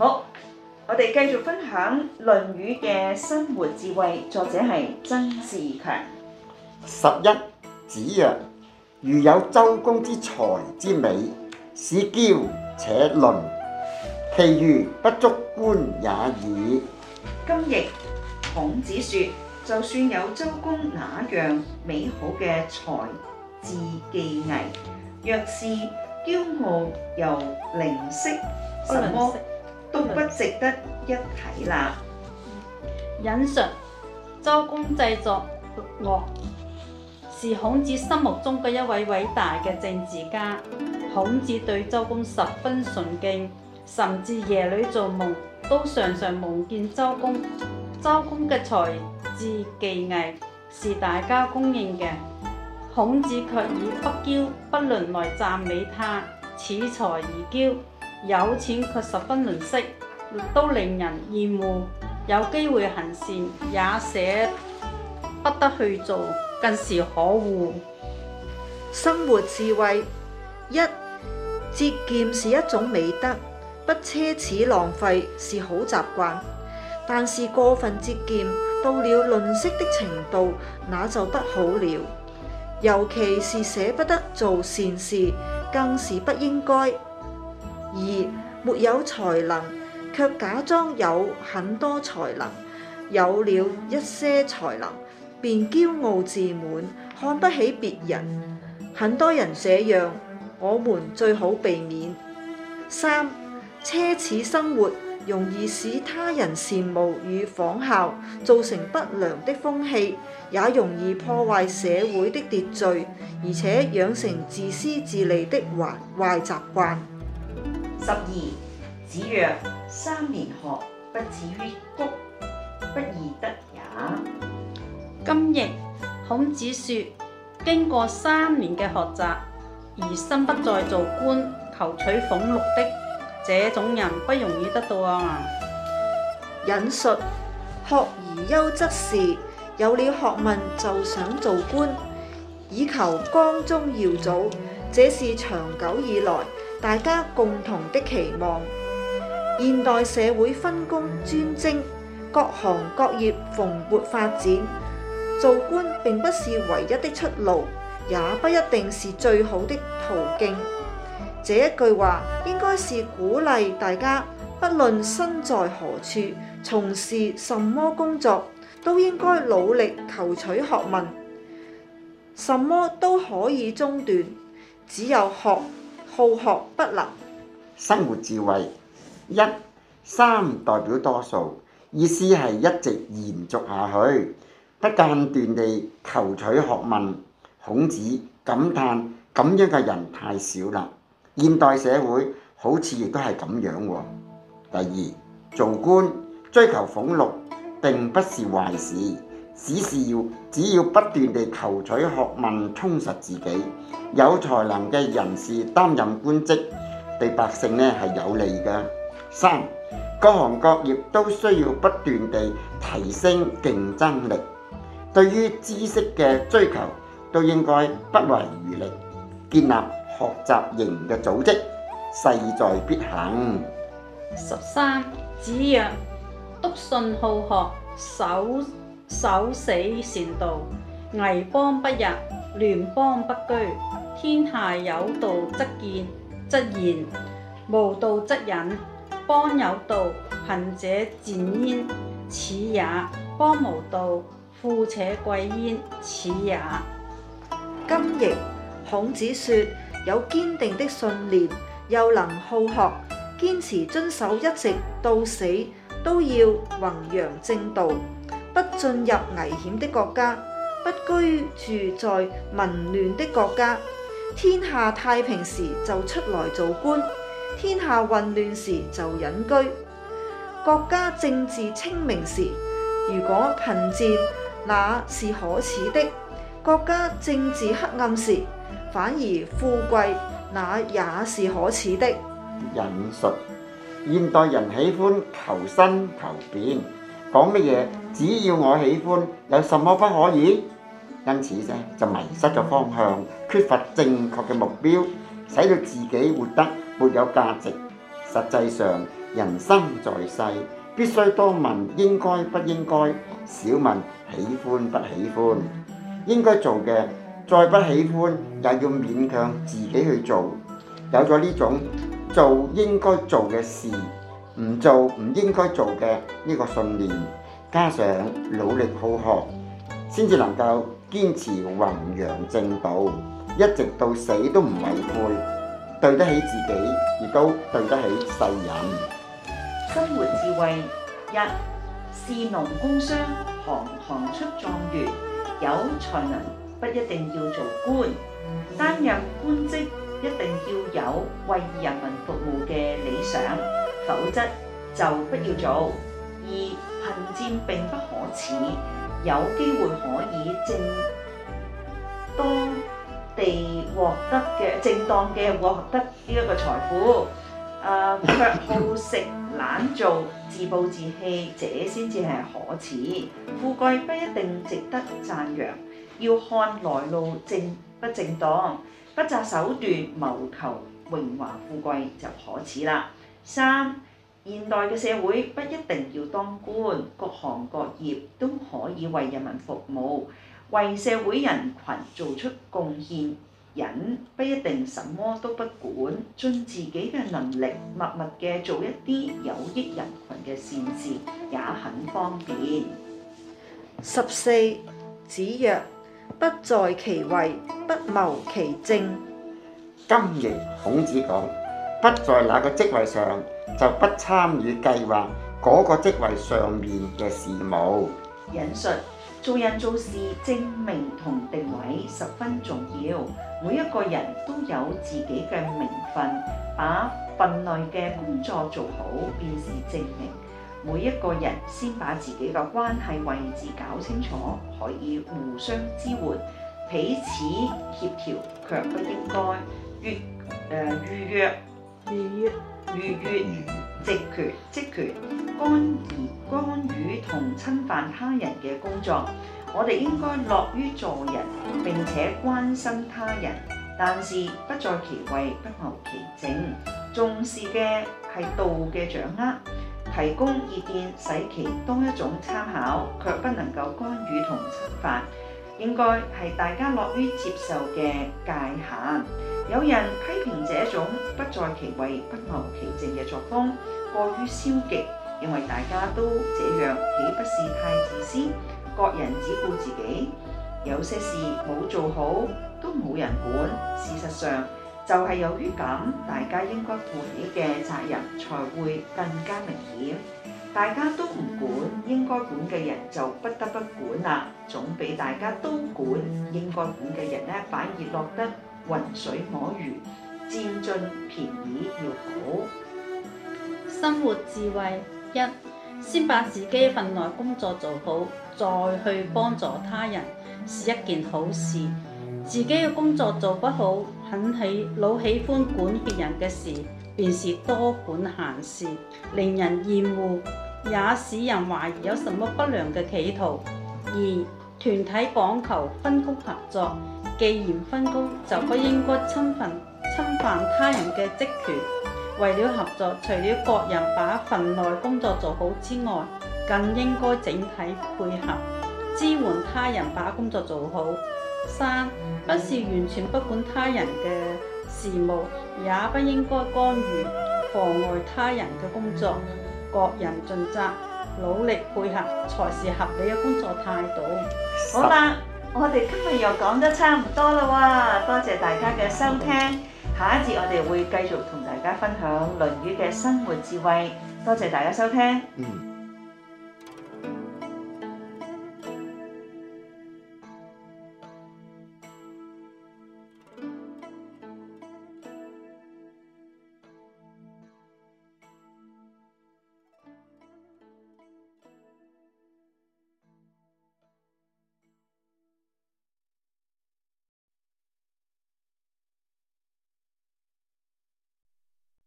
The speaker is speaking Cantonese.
好，我哋繼續分享《論語》嘅生活智慧，作者係曾仕強。十一子曰：如有周公之才之美，使驕且吝，其餘不足觀也矣。今譯孔子說，就算有周公那樣美好嘅才智技藝，若是驕傲又吝惜什麼，都不值得一提啦！隱術，周公製作樂，是孔子心目中嘅一位偉大嘅政治家。孔子對周公十分崇敬，甚至夜裏做夢都常常夢見周公。周公嘅才智技藝是大家公認嘅，孔子卻以不驕不吝來讚美他，此才而驕。有錢卻十分吝嗇，都令人厭惡；有機會行善，也捨不得去做，更是可惡。生活智慧：一、節儉是一種美德，不奢侈浪費是好習慣。但是過分節儉到了吝嗇的程度，那就不好了。尤其是捨不得做善事，更是不應該。二、沒有才能，卻假裝有很多才能；有了一些才能，便驕傲自滿，看不起別人。很多人這樣，我們最好避免。三、奢侈生活容易使他人羨慕與仿效，造成不良的風氣，也容易破壞社會的秩序，而且養成自私自利的壞習慣。十二子曰：三年學，不至於谷，不宜得也。今譯孔子說，經過三年嘅學習而心不再做官求取俸祿的這種人不容易得到啊。引述：學而優則仕：「有了學問就想做官，以求光宗耀祖，這是長久以來。大家共同的期望。現代社會分工專精，各行各業蓬勃發展。做官並不是唯一的出路，也不一定是最好的途徑。這一句話應該是鼓勵大家，不論身在何處從事什麼工作，都應該努力求取學問，什麼都可以中斷，只有學。好學不能，生活智慧一三代表多數意思係一直延續下去，不間斷地求取學問。孔子感嘆咁樣嘅人太少啦。現代社會好似亦都係咁樣啊。第二，做官追求俸禄，並不是壞事。只是要只要不斷地求取學問充實自己，有才能嘅人士擔任官職，對百姓呢係有利嘅。三，各行各業都需要不斷地提升競爭力，對於知識嘅追求都應該不遺餘力，建立學習型嘅組織，勢在必行。十三子曰：篤信好學，守。守死善道，危邦不入，亂邦不居。天下有道則見，則言；無道則隱。邦有道，貧者賤焉，此也；邦無道，富且貴焉，此也。今譯，孔子說：有堅定的信念，又能好學，堅持遵守，一直到死都要弘揚正道。不進入危險的國家，不居住在民亂的國家。天下太平時就出來做官，天下混亂時就隱居。國家政治清明時，如果貧賤那是可恥的；國家政治黑暗時，反而富貴那也是可恥的。引述，現代人喜歡求新求變。講乜嘢？只要我喜歡，有什麼不可以？因此啫，就迷失咗方向，缺乏正確嘅目標，使到自己活得沒有價值。實際上，人生在世，必須多問應該不應該，少問喜歡不喜歡。應該做嘅，再不喜歡，也要勉強自己去做。有咗呢種，做應該做嘅事。唔做唔應該做嘅呢個信念，加上努力好學，先至能夠堅持弘揚正道，一直到死都唔違背，對得起自己，亦都對得起世人。生活智慧一：士農工商，行行出狀元。有才能不一定要做官，擔任官職一定要有為人民服務嘅理想。否則就不要做。而貧賤並不可恥，有機會可以正當地獲得嘅正當嘅獲得呢一個財富。啊、呃，卻好食懶做、自暴自棄，這先至係可恥。富貴不一定值得讚揚，要看來路正不正當，不擇手段謀求榮華富貴就可恥啦。三、現代嘅社會不一定要當官，各行各業都可以為人民服務，為社會人群做出貢獻。人不一定什麼都不管，盡自己嘅能力默默嘅做一啲有益人群嘅善事也很方便。十四、子曰：不在其位，不謀其政。今日孔子講。不在那個職位上，就不參與計劃嗰個職位上面嘅事務。引述，做人做事證明同定位十分重要，每一個人都有自己嘅名分，把份內嘅工作做好，便是證明。每一個人先把自己嘅關係位置搞清楚，可以互相支援，彼此協調，卻不應該越誒預約。如月逾越職權、職權，干而干預同侵犯他人嘅工作，我哋應該樂於助人，並且關心他人，但是不在其位，不謀其政，重視嘅係道嘅掌握，提供意見，使其多一種參考，卻不能夠干預同侵犯。應該係大家樂於接受嘅界限。有人批評這種不在其位不謀其政嘅作風過於消極，認為大家都這樣，豈不是太自私？各人只顧自己，有些事冇做好都冇人管。事實上，就係由於咁，大家應該負起嘅責任，才會更加明顯。大家都唔管，應該管嘅人就不得不管啦。總比大家都管，應該管嘅人呢，反而落得混水摸魚，佔盡便宜要好。生活智慧一，先把自己份內工作做好，再去幫助他人，是一件好事。自己嘅工作做不好，很喜老喜歡管別人嘅事。便是多管閒事，令人厭惡，也使人懷疑有什麼不良嘅企圖。二團體講求分工合作，既然分工，就不應該侵犯侵犯他人嘅職權。為了合作，除了各人把份內工作做好之外，更應該整體配合，支援他人把工作做好。三不是完全不管他人嘅。事務也不應該干預妨礙他人嘅工作，各人盡責，努力配合，才是合理嘅工作態度。好啦了， 我哋今日又講得差唔多啦，多謝大家嘅收聽。下一節我哋會繼續同大家分享《論語》嘅生活智慧，多謝大家收聽。嗯。